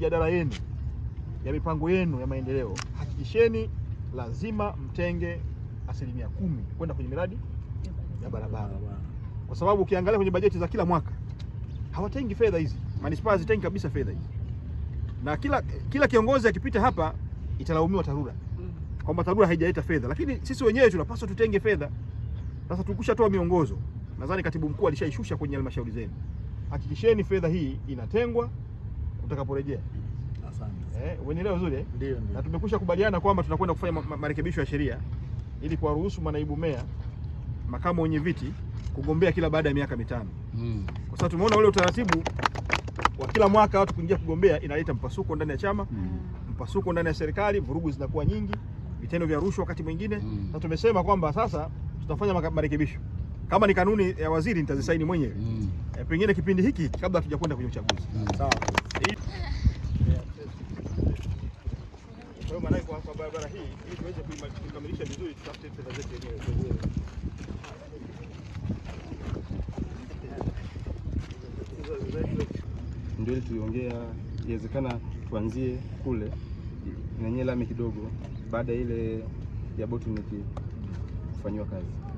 mijadala yenu ya mipango yenu ya maendeleo, hakikisheni lazima mtenge asilimia kumi kwenda kwenye miradi ya barabara, kwa sababu ukiangalia kwenye bajeti za kila mwaka hawatengi fedha hizi, manispaa hazitengi kabisa fedha hizi, na kila kila kiongozi akipita hapa italaumiwa TARURA kwamba TARURA haijaleta fedha, lakini sisi wenyewe tunapaswa tutenge fedha. Sasa tukushatoa miongozo, nadhani katibu mkuu alishaishusha kwenye halmashauri zenu. Hakikisheni fedha hii inatengwa tutakaporejea. Asante. Eh, vizuri eh? Ndio, ndio. Na tumekusha kubaliana kwamba tunakwenda kufanya marekebisho ya sheria ili kuwaruhusu manaibu meya, makamu wenye viti kugombea kila baada ya miaka mitano. Mm. Kwa sababu tumeona ule utaratibu wa kila mwaka watu kuingia kugombea inaleta mpasuko ndani ya chama, mm. mpasuko ndani ya serikali, vurugu zinakuwa nyingi, vitendo vya rushwa wakati mwingine. Mm. Na tumesema kwamba sasa tutafanya marekebisho. Kama ni kanuni ya waziri nitazisaini mwenyewe. Mm e, pengine kipindi hiki kabla hatujakwenda kwenye uchaguzi mm. sawa. Kwa maana kwa ili Ndio ile tuliongea, iwezekana tuanzie kule nanyee lami kidogo, baada ile ya botu kufanyiwa kazi.